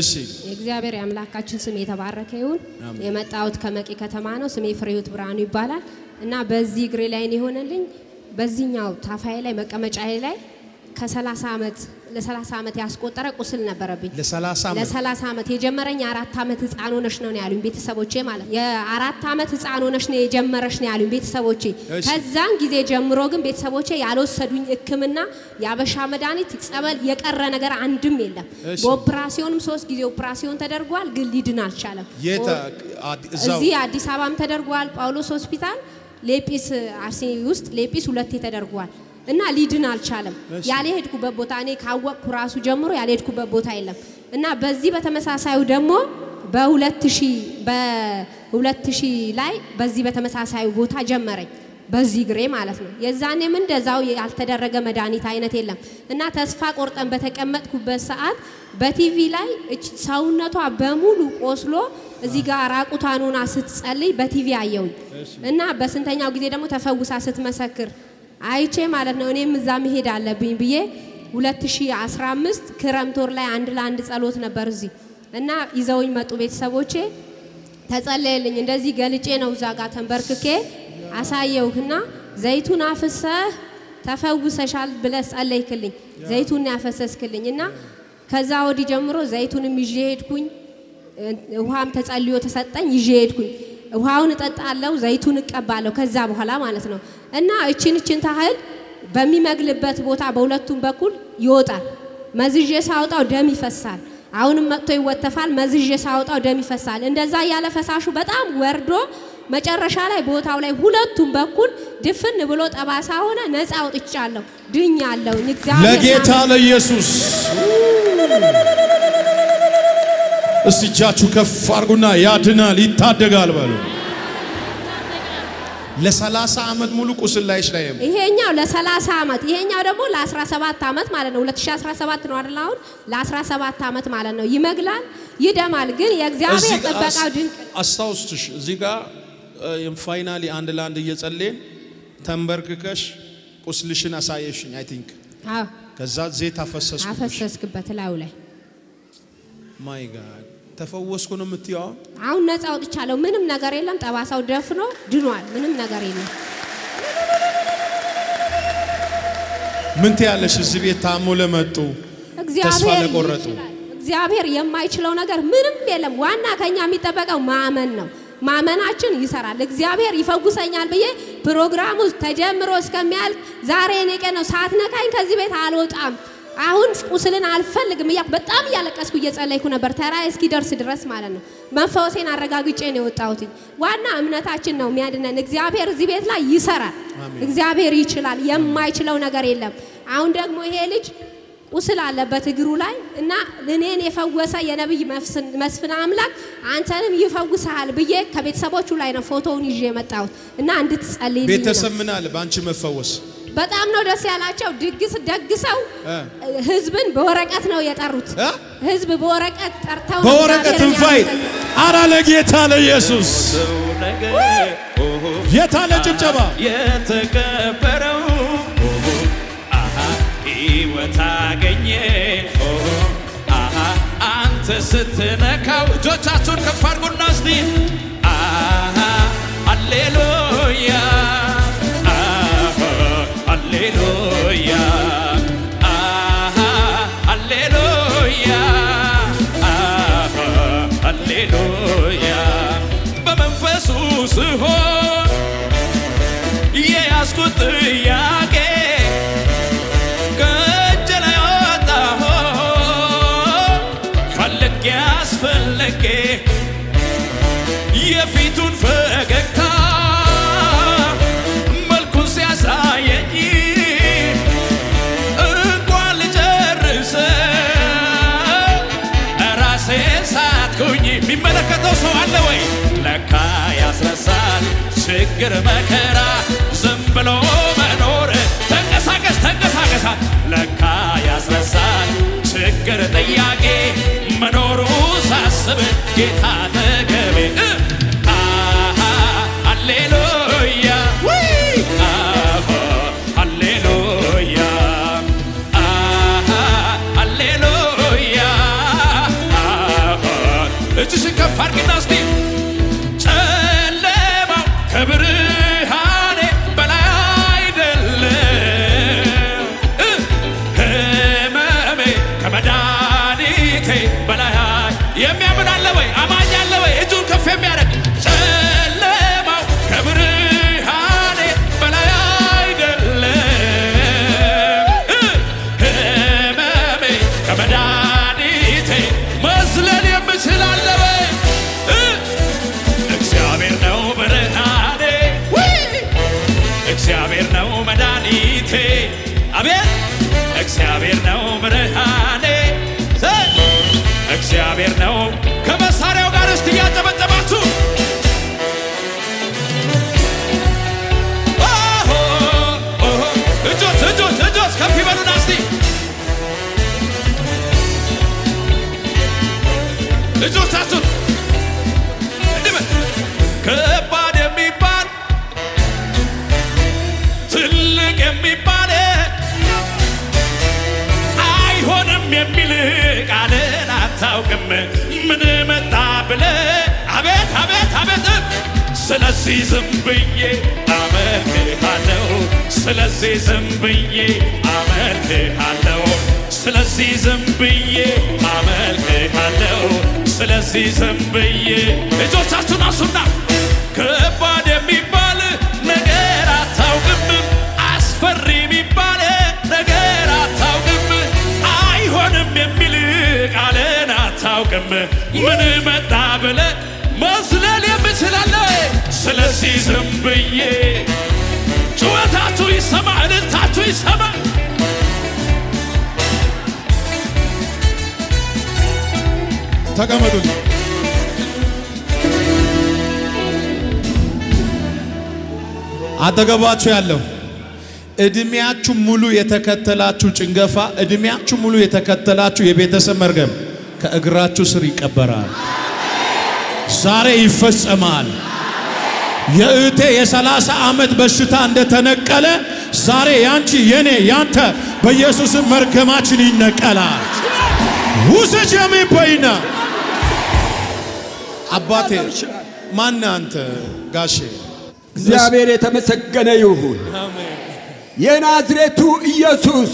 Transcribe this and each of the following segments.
እሺ የእግዚአብሔር የአምላካችን ስም የተባረከ ይሁን። የመጣሁት ከመቂ ከተማ ነው። ስሜ ፍሬህይወት ብርሃኑ ይባላል እና በዚህ እግሬ ላይ ነው የሆነልኝ። በዚህኛው ታፋዬ ላይ መቀመጫዬ ላይ ከ30 ዓመት ለ30 ዓመት ያስቆጠረ ቁስል ነበረብኝ። ለ30 ዓመት የጀመረኝ የአራት ዓመት ህፃን ሆነሽ ነው ያሉኝ ቤተሰቦቼ። ማለት የአራት ዓመት ህፃን ሆነሽ ነው የጀመረሽ ነው ያሉኝ ቤተሰቦቼ። ከዛን ጊዜ ጀምሮ ግን ቤተሰቦቼ ያልወሰዱኝ ሕክምና፣ የአበሻ መድኃኒት፣ ጸበል፣ የቀረ ነገር አንድም የለም። በኦፕራሲዮንም ሶስት ጊዜ ኦፕራሲዮን ተደርጓል፣ ግን ሊድን አልቻለም። እዚህ አዲስ አበባም ተደርጓል፣ ጳውሎስ ሆስፒታል ሌጲስ አርሲ ውስጥ ሌጲስ ሁለቴ ተደርጓል። እና ሊድን አልቻለም። ያልሄድኩበት ቦታ እኔ ካወቅኩ ራሱ ጀምሮ ያልሄድኩበት ቦታ የለም እና በዚህ በተመሳሳዩ ደግሞ በ 2000 በ2000 ላይ በዚህ በተመሳሳዩ ቦታ ጀመረኝ በዚህ ግሬ ማለት ነው። የዛኔም እንደዛው ያልተደረገ መድኃኒት አይነት የለም እና ተስፋ ቆርጠን በተቀመጥኩበት ሰዓት በቲቪ ላይ ሰውነቷ በሙሉ ቆስሎ እዚህ ጋር ራቁቷን ሆና ስትጸልይ በቲቪ አየውኝ እና በስንተኛው ጊዜ ደግሞ ተፈውሳ ስትመሰክር አይቼ ማለት ነው እኔም እዛ መሄድ አለብኝ ብዬ 2015 ክረምት ወር ላይ አንድ ለአንድ ጸሎት ነበር እዚህ እና ይዘውኝ መጡ ቤተሰቦቼ። ተጸለየልኝ። እንደዚህ ገልጬ ነው እዛ ጋር ተንበርክኬ አሳየውህና ዘይቱን አፍሰህ ተፈውሰሻል ብለህ ጸለይክልኝ። ዘይቱን ያፈሰስክልኝ እና ከዛ ወዲህ ጀምሮ ዘይቱንም ይዤ ሄድኩኝ። ውሃም ተጸልዮ ተሰጠኝ፣ ይዤ ሄድኩኝ። ውሃውን እጠጣለሁ፣ ዘይቱን እቀባለሁ። ከዛ በኋላ ማለት ነው እና እችን እችን ታህል በሚመግልበት ቦታ በሁለቱም በኩል ይወጣል። መዝዤ ሳወጣው ደም ይፈሳል። አሁንም መጥቶ ይወተፋል። መዝዤ ሳወጣው ደም ይፈሳል። እንደዛ ያለ ፈሳሹ በጣም ወርዶ መጨረሻ ላይ ቦታው ላይ ሁለቱም በኩል ድፍን ብሎ ጠባሳ ሆነ። ነፃ አውጥቻለሁ፣ ድኛለሁ። ለጌታ ለኢየሱስ እስቲ እጃችሁ ከፍ አድርጉና ያድናል፣ ይታደጋል በሉ። ለሰላሳ ዓመት ሙሉ ቁስል ላይሽ ላይ ነው። ይሄኛው ለሰላሳ ዓመት ይሄኛው ደግሞ ለ17 ዓመት ማለት ነው። 2017 ነው አይደል? አሁን ለ17 ዓመት ማለት ነው። ይመግላል፣ ይደማል። ግን የእግዚአብሔር ጥበቃው ድንቅ አስታውስሽ። እዚህ ጋር ፋይናሊ አንድ ለአንድ እየጸለይን ተንበርክከሽ ቁስልሽን አሳየሽኝ። አይ ቲንክ አዎ። ከዛ ዘይት አፈሰስኩበት አፈሰስክበት ላዩ ላይ ማይ ጋድ ተፈወስኩ ነው የምትይው? አሁን ነፃ ወጥቻለሁ። ምንም ነገር የለም። ጠባሳው ደፍኖ ድኗል። ምንም ነገር የለም። ምን ትያለሽ? እዚህ ቤት ታሞ ለመጡ ተስፋ ለቆረጡ እግዚአብሔር የማይችለው ነገር ምንም የለም። ዋና ከኛ የሚጠበቀው ማመን ነው። ማመናችን ይሰራል። እግዚአብሔር ይፈውሰኛል ብዬ ፕሮግራሙ ተጀምሮ እስከሚያልቅ ዛሬ የኔ ቀን ነው። ሳትነካኝ ከዚህ ቤት አልወጣም። አሁን ቁስልን አልፈልግም እያ በጣም እያለቀስኩ እየጸለይኩ ነበር፣ ተራ እስኪ ደርስ ድረስ ማለት ነው። መንፈሴን አረጋግጬ ነው የወጣሁት። ዋና እምነታችን ነው የሚያድነን። እግዚአብሔር እዚህ ቤት ላይ ይሰራል። እግዚአብሔር ይችላል፣ የማይችለው ነገር የለም። አሁን ደግሞ ይሄ ልጅ ቁስል አለበት እግሩ ላይ እና እኔን የፈወሰ የነብይ መስፍን አምላክ አንተንም ይፈውሰሃል ብዬ ከቤተሰቦቹ ላይ ነው ፎቶውን ይዤ የመጣሁት እና እንድትጸልይ ቤተሰብ ምናል በአንቺ መፈወስ በጣም ነው ደስ ያላቸው። ድግስ ደግሰው ህዝብን በወረቀት ነው የጠሩት። ህዝብ በወረቀት ጠርተው በወረቀት እንፋይ። አረ ለጌታ ለኢየሱስ የታለ ጭብጨባ የተከበረው ህይወት አገኘ አንተ ስትነካው እጆቻችሁን ከፍ አድርጉና እስቲ አሌሉያ ስሆን የያዝኩት ጥያ ችግር መከራ ዝም ብሎ መኖር ተንቀሳቀስ ተንቀሳቀሳ ለካ ያስረሳል ችግር ጥያቄ መኖሩ ሳስብ ጌታ ተገቤ የለም የሚል ቃልን አታውቅም። ምን መጣ ብለ አቤት አቤት አቤት። ስለዚህ ዝም ብዬ አመልክሃለሁ፣ ስለዚህ ዝም ብዬ አመልክሃለሁ፣ ስለዚህ ዝም ብዬ አመልክሃለሁ፣ ስለዚህ ዝም ብዬ እጆቻችሁን አሱና ምን መጣ ብለ መዝለል የምችላለ። ስለዚህ ዝም ብዬ ጩኸታችሁ ይሰማ፣ እልልታችሁ ይሰማ። ተቀመጡ። አጠገባችሁ ያለው እድሜያችሁ ሙሉ የተከተላችሁ ጭንገፋ፣ እድሜያችሁ ሙሉ የተከተላችሁ የቤተሰብ መርገም ከእግራችሁ ስር ይቀበራል። ዛሬ ይፈጸማል። የእህቴ የሰላሳ ዓመት በሽታ እንደተነቀለ ዛሬ ያንቺ፣ የኔ፣ ያንተ በኢየሱስም መርገማችን ይነቀላል። ውሰጅ የሚበይና አባቴ ማን አንተ ጋሼ? እግዚአብሔር የተመሰገነ ይሁን። የናዝሬቱ ኢየሱስ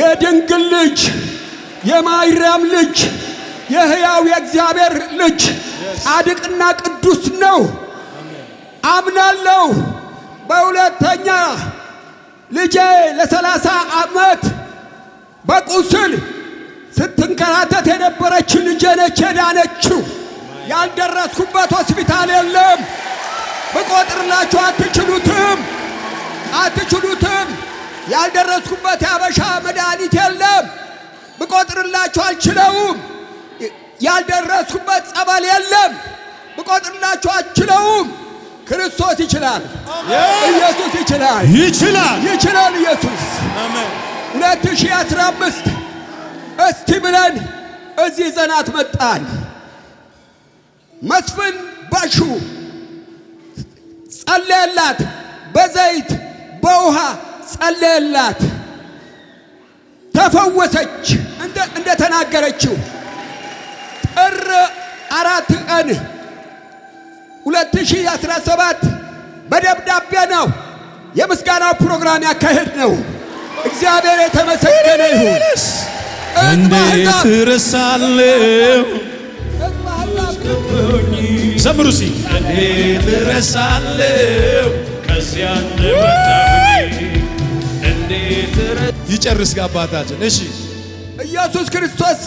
የድንግል ልጅ የማይራም ልጅ የሕያው የእግዚአብሔር ልጅ ጻድቅና ቅዱስ ነው አምናለሁ። በሁለተኛ ልጄ ለሰላሳ ዓመት በቁስል ስትንከራተት የነበረች ልጄ ነች የዳነችው። ያልደረስኩበት ሆስፒታል የለም። ብቆጥርላችሁ አትችሉትም፣ አትችሉትም። ያልደረስኩበት የአበሻ መድኃኒት የለም። ብቆጥርላችሁ አልችለውም። ያልደረስኩበት ጸበል የለም። ብቆጥርላችሁ አልችለውም። ክርስቶስ ይችላል። ኢየሱስ ይችላል። ይችላል። ይችላል። ኢየሱስ ሁለት ሺህ አስራ አምስት እስቲ ብለን እዚህ ዘናት መጣን። መስፍን ባሹ ጸለየላት፣ በዘይት በውሃ ጸለየላት። ተፈወሰች እንደ ተናገረችው ጥር አራት ቀን 2017 በደብዳቤ ነው የምስጋናው ፕሮግራም ያካሄድ ነው። እግዚአብሔር የተመሰገነ ይሁን። እንዴት ረሳለው ዘምሩ ሲ እንዴት ረሳለው ከዚያ ይጨርስ አባታችን። እሺ ኢየሱስ ክርስቶስ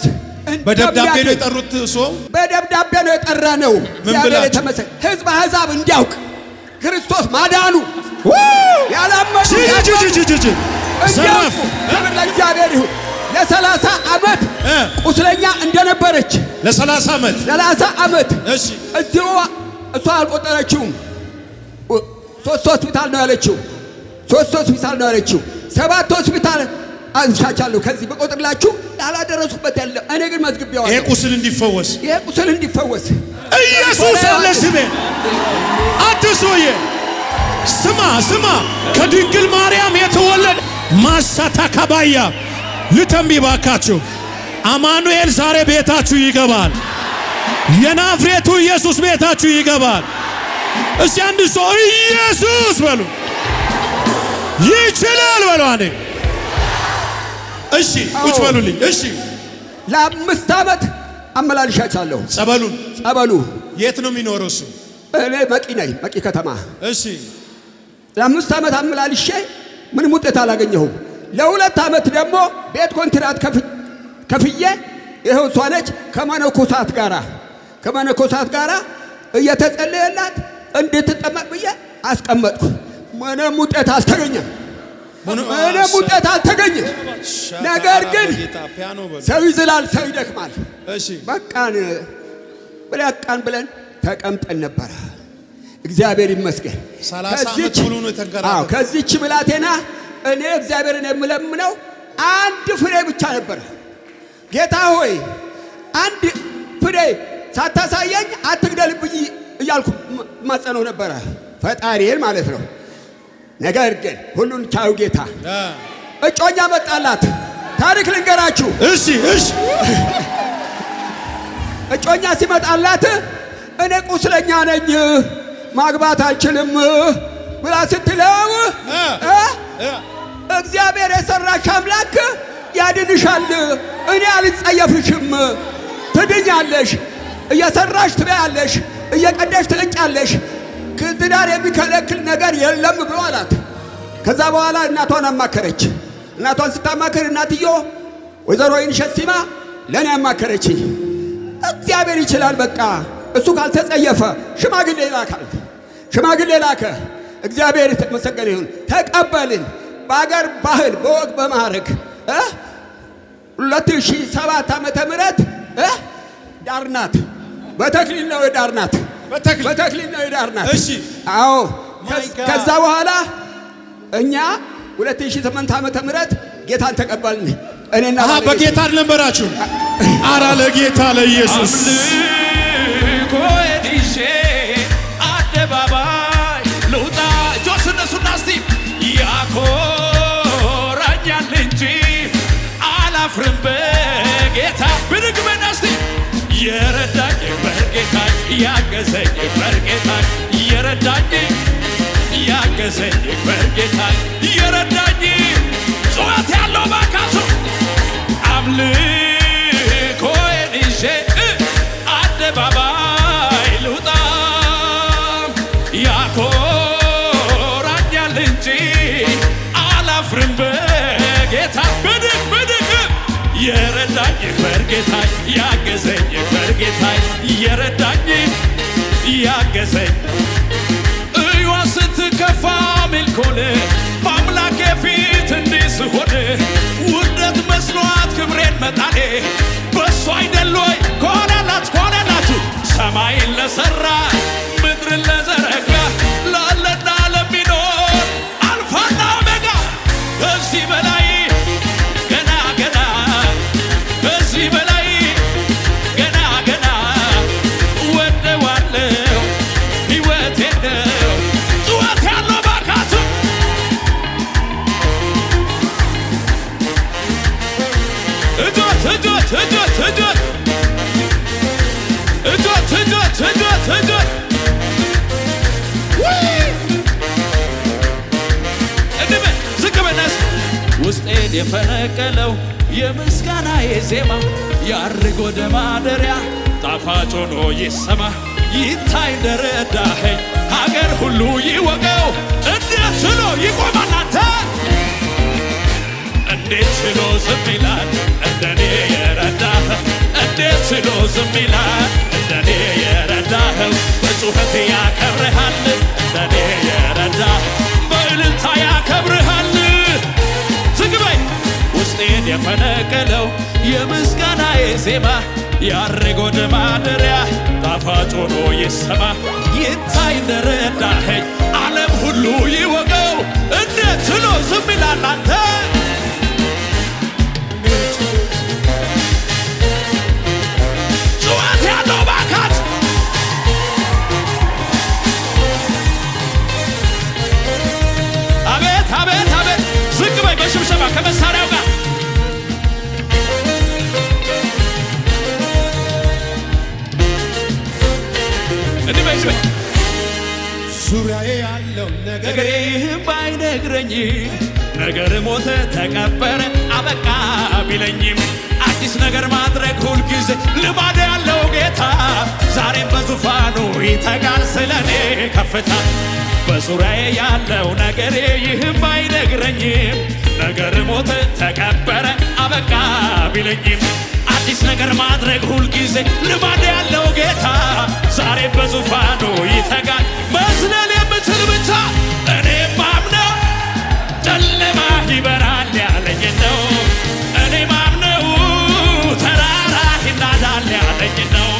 በደብዳቤ ነው የጠሩት። ሰው በደብዳቤ ነው የጠራ ነው። እግዚአብሔር የተመሰለ ህዝብ አሕዛብ እንዲያውቅ ክርስቶስ ማዳኑ ያላመኑ እንዲያውቁ ክብር ለእግዚአብሔር ይሁን። ለሰላሳ ዓመት ቁስለኛ እንደነበረች ለሰላሳ ዓመት ሰላሳ ዓመት እዚሁ እሷ አልቆጠረችውም። ሶስት ሆስፒታል ነው ያለችው። ሶስት ሆስፒታል ነው ያለችው። ሰባት ሆስፒታል አዝሻቻለሁ ከዚህ በቆጥርላችሁ ያለ እኔ ግን ይሄ ቁስል እንዲፈወስ ይሄ ቁስል እንዲፈወስ ኢየሱስ አለ። ስሜ ስማ ስማ ከድንግል ማርያም የተወለደ ማሳታ ካባያ አማኑኤል ዛሬ ቤታችሁ ይገባል። የናፍሬቱ ኢየሱስ ቤታችሁ ይገባል። እስቲ አንድ ሰው ኢየሱስ በሉ። ይችላል በለው እሺ ቁጭ በሉልኝ። እሺ ለአምስት ዓመት አመላልሻቻለሁ። ጸበሉ ጸበሉ የት ነው የሚኖረው እሱ? እኔ መቂ ነኝ፣ መቂ ከተማ። እሺ ለአምስት ዓመት አመላልሼ ምንም ውጤት አላገኘሁም። ለሁለት ዓመት ደግሞ ቤት ኮንትራት ከፍዬ ይኸው እሷ ነች ከመነኮሳት ጋራ ከመነኮሳት ጋራ እየተጸለየላት እንድትጠመቅ ብዬ አስቀመጥኩ። ምንም ውጤት አልተገኘም። ምንም ውጤት አልተገኘም። ነገር ግን ሰው ይዝላል፣ ሰው ይደክማል። በቃን ብላቃን ብለን ተቀምጠን ነበረ። እግዚአብሔር ይመስገን። ከዚች ብላቴና እኔ እግዚአብሔርን የምለምነው አንድ ፍሬ ብቻ ነበረ። ጌታ ሆይ አንድ ፍሬ ሳታሳየኝ አትግደልብኝ እያልኩ ማጸነው ነበረ፣ ፈጣሪን ማለት ነው። ነገር ግን ሁሉን ቻዩ ጌታ እጮኛ መጣላት። ታሪክ ልንገራችሁ። እሺ፣ እሺ። እጮኛ ሲመጣላት እኔ ቁስለኛ ነኝ ማግባት አልችልም ብላ ስትለው እግዚአብሔር የሰራሽ አምላክ ያድንሻል፣ እኔ አልጸየፍሽም፣ ትድኛለሽ፣ እየሰራሽ ትበያለሽ፣ እየቀደሽ ትልጫለሽ ትዳር የሚከለክል ነገር የለም ብሎ አላት። ከዛ በኋላ እናቷን አማከረች። እናቷን ስታማከር እናትዮ ወይዘሮ ይን ሸሲማ ለእኔ አማከረች። እግዚአብሔር ይችላል። በቃ እሱ ካልተጸየፈ ሽማግሌ ላካል። ሽማግሌ ላከ። እግዚአብሔር የተመሰገነ ይሁን። ተቀበልን። በአገር ባህል በወግ በማዕረግ 2007 ዓመተ ምህረት ዳርናት በተክሊል ነው ዳርናት በተክሊል ነው የዳርናት። እሺ አዎ። ከዛ በኋላ እኛ 2008 ዓመተ ምህረት ጌታን ተቀበልን። እኔና በጌታ አልነበራችሁ። አራ ለጌታ ለኢየሱስ ያገዘኝ በርጌታ እየረዳኝ ያገዘኝ በርጌታ ጽዋት ያለው ባካሱ የረዳኝ ይፈርጌታይ ያገዘኝ ይፈርጌታይ የረዳኝ ያገዘኝ ስትከፋ ሜልኮል በአምላኬ ፊት እንዲህ ስሆን ውርደት መስሏት ክብሬን መጣኔ በእሱ አይደሎይ ከሆነላት ሰማይን ከአንጀት የፈነቀለው የምስጋና የዜማ ያርግ ወደ ማደሪያ ጣፋጭ ሆኖ ይሰማ ይታይ ደረዳኸኝ ሀገር ሁሉ ይወቀው እንዴት ችሎ ይቆማናተ አንተ እንዴት ችሎ ዝም ይላል እንደኔ የረዳህ እንዴት ችሎ ዝም ይላል እንደኔ የረዳህ በጩኸት ያከብርሃል እንደኔ የረዳህ በእልልታ ያከብርሃል ሐጥን የፈነቀለው የምስጋና የዜማ ያረጎን ወደ ማደሪያ ጣፋጭ ሆኖ ይሰማ ይታይ እንደረዳኸኝ ዓለም ሁሉ ይወቀው። እንደ ትሎ ዝም ይላል አንተ ከመሳሪያው ዙሪያዬ ያለው ነገሬ ባይነግረኝ ነገር ሞተ ተቀበረ አበቃ ቢለኝም አዲስ ነገር ማድረግ ሁልጊዜ ልማድ ያለው ጌታ ዛሬም በዙፋኑ ይተጋል ስለኔ ከፍታ በዙሪያዬ ያለው ነገር ይህም ባይነግረኝም ነገር ሞተ ተቀበረ አበቃ ቢለኝም አዲስ ነገር ማድረግ ሁልጊዜ ልማድ ያለው ጌታ ዛሬ በዙፋኑ ይተጋል። መዝለል የምትል ብቻ እኔ ማምነው ጨለማ ይበራል ያለኝ ነው። እኔ ማምነው ተራራ ይናዳል ያለኝ ነው።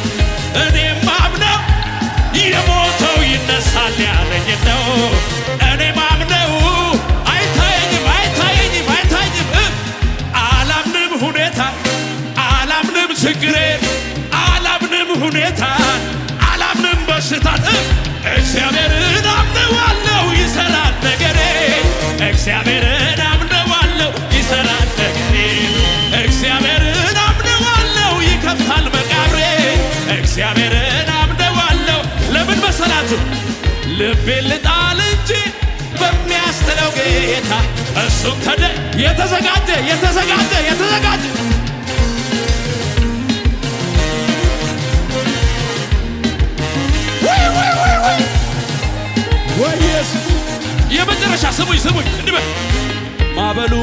ፍጹም ተደ የተዘጋጀ የተዘጋጀ የተዘጋጀ የመጨረሻ ስሙኝ ስሙኝ እንድበል ማበሉ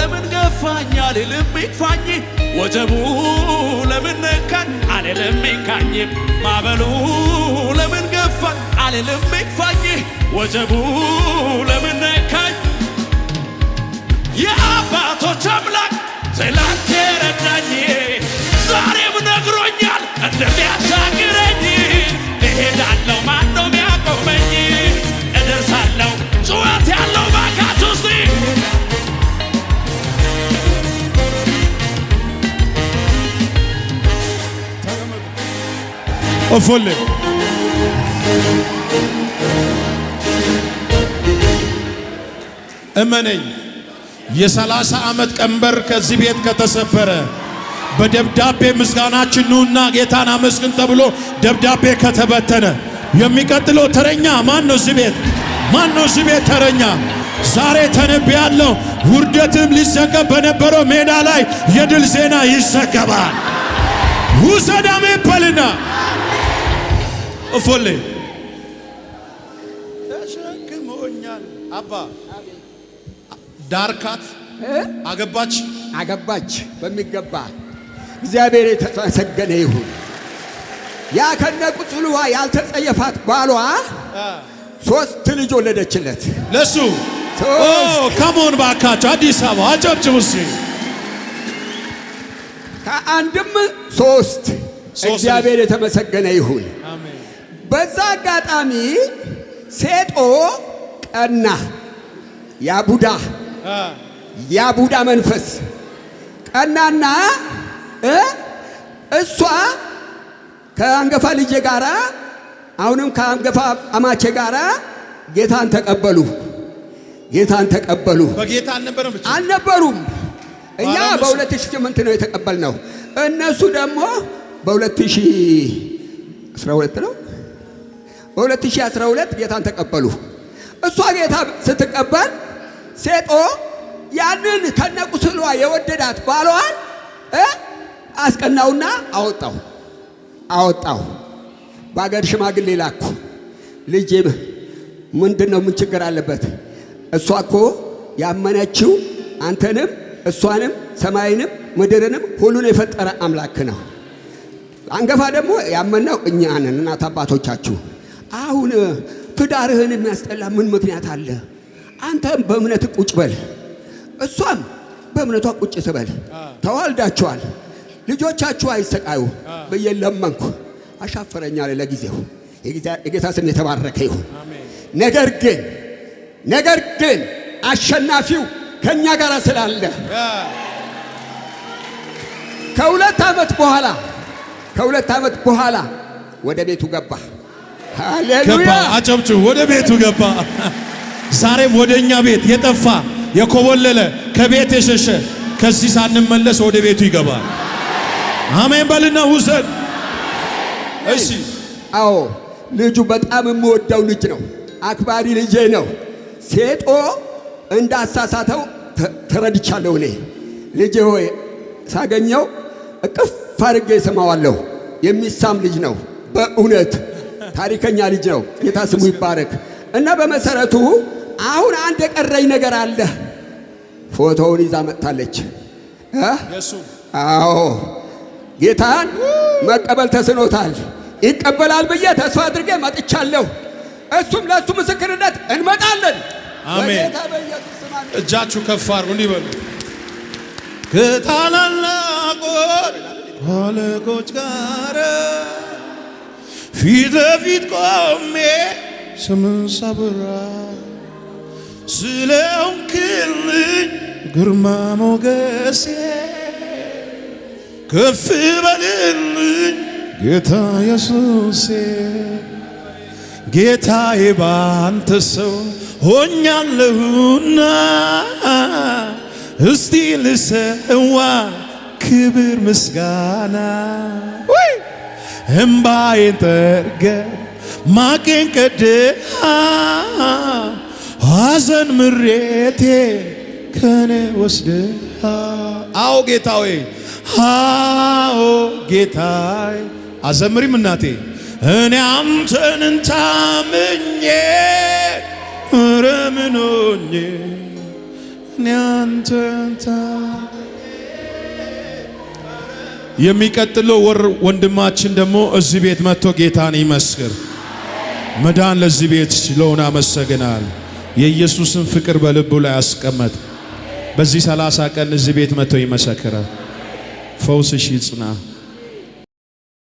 ለምን ገፋኝ አልልም ይግፋኝ ወጀቡ ለምን ነካኝ አልልም ይንካኝ ማበሉ ለምን ገፋኝ አልልም ይግፋኝ ወጀቡ ለምን የአባቶች አምላክ ትላንት የረዳኝ ዛሬም ነግሮኛል እንደሚያሻግረኝ እሄዳለሁ ማነው ሚያቆመኝ እደርሳለሁ ጩኸት ያለው ባካት ውስጥ እፎሌ እመነኝ የሰላሳ ዓመት ቀንበር ከዚህ ቤት ከተሰበረ በደብዳቤ ምስጋናችን ኑና ጌታን አመስግን ተብሎ ደብዳቤ ከተበተነ የሚቀጥለው ተረኛ ማን ነው? እዚህ ቤት ማን ነው? እዚህ ቤት ተረኛ ዛሬ ተነብያለሁ። ውርደትም ሊዘገብ በነበረው ሜዳ ላይ የድል ዜና ይዘገባል። ውሰዳሜ በልና እፎሌ ተሸክሞኛል አባ ዳርካት አገባች አገባች በሚገባ እግዚአብሔር የተመሰገነ ይሁን። ያ ከነ ቁስልዋ ያልተጸየፋት ባሏ ሶስት ልጅ ወለደችለት ለሱ ከመሆን ባካቸው አዲስ አበባ አጨብጭቡ። ከአንድም ሶስት እግዚአብሔር የተመሰገነ ይሁን። በዛ አጋጣሚ ሴጦ ቀና ያቡዳ ያ ቡዳ መንፈስ ቀናና እሷ ከአንገፋ ልጄ ጋራ አሁንም ከአንገፋ አማቼ ጋራ ጌታን ተቀበሉ፣ ጌታን ተቀበሉ። በጌታ አልነበረም አልነበሩም። እኛ በ2008 ነው የተቀበልነው፣ እነሱ ደግሞ በ2012 ነው በ2012 ጌታን ተቀበሉ። እሷ ጌታ ስትቀበል ሴጦ ያንን ከነቁስሏ የወደዳት ባሏዋል አስቀናውና አወጣው አወጣው። በአገር ሽማግሌ ላኩ። ልጄ ምንድን ነው ምን ችግር አለበት? እሷ እኮ ያመነችው አንተንም እሷንም ሰማይንም ምድርንም ሁሉን የፈጠረ አምላክ ነው። አንገፋ ደግሞ ያመነው እኛንን እናት አባቶቻችሁ። አሁን ትዳርህን የሚያስጠላ ምን ምክንያት አለ? አንተም በእምነት ቁጭ በል፣ እሷም በእምነቷ ቁጭ ትበል። ተዋልዳችኋል፣ ልጆቻችሁ አይሰቃዩ ብዬ ለመንኩ። አሻፈረኛ ለጊዜው። የጌታ ስም የተባረከ ይሁን። ነገር ግን ነገር ግን አሸናፊው ከእኛ ጋር ስላለ ከሁለት ዓመት በኋላ ከሁለት ዓመት በኋላ ወደ ቤቱ ገባ። ሃሌሉያ! አጨብጩ! ወደ ቤቱ ገባ። ዛሬም ወደ እኛ ቤት የጠፋ የኮበለለ ከቤት የሸሸ ከዚህ ሳንመለስ ወደ ቤቱ ይገባል። አሜን በልና ውሰድ። እሺ፣ አዎ ልጁ በጣም የምወደው ልጅ ነው። አክባሪ ልጄ ነው። ሴጦ እንዳሳሳተው ተረድቻለሁ። እኔ ልጄ ሆይ ሳገኘው እቅፍ አድርጌ ስማዋለሁ። የሚሳም ልጅ ነው። በእውነት ታሪከኛ ልጅ ነው። ጌታ ስሙ ይባረክ እና በመሰረቱ አሁን አንድ የቀረኝ ነገር አለ። ፎቶውን ይዛ መጥታለች። አዎ ጌታን መቀበል ተስኖታል። ይቀበላል ብዬ ተስፋ አድርጌ መጥቻለሁ። እሱም ለእሱ ምስክርነት እንመጣለን። አሜን። እጃችሁ ከፍ አድርጉ እንዲህ በሉ። ከታላላቆች አለቆች ጋር ፊት ለፊት ቆሜ ስምን ሰብራ ስለሆንክልኝ ግርማ ሞገሴ ከፍ በልል ጌታ ኢየሱሴ ጌታዬ ባንተ ሰው ሆኛለሁና እስቲ ልሰዋ ክብር ምስጋና እምባዬን ጠርገ ማቄን ቀድሃ ሐዘን ምሬቴ ከኔ ወስደህ አዎ ጌታዬ አዎ ጌታዬ አዘምሪም እናቴ እኔ አንተን ታምኜ ረምኖኜ እኔ አንተን የሚቀጥለው ወር ወንድማችን ደግሞ እዚህ ቤት መጥቶ ጌታን ይመስክር። መዳን ለዚህ ቤት ስለሆነ አመሰግናል። የኢየሱስን ፍቅር በልቡ ላይ አስቀመጥ። በዚህ ሰላሳ ቀን እዚህ ቤት መጥቶ ይመሰክራል። ፈውስሽ ይጽና።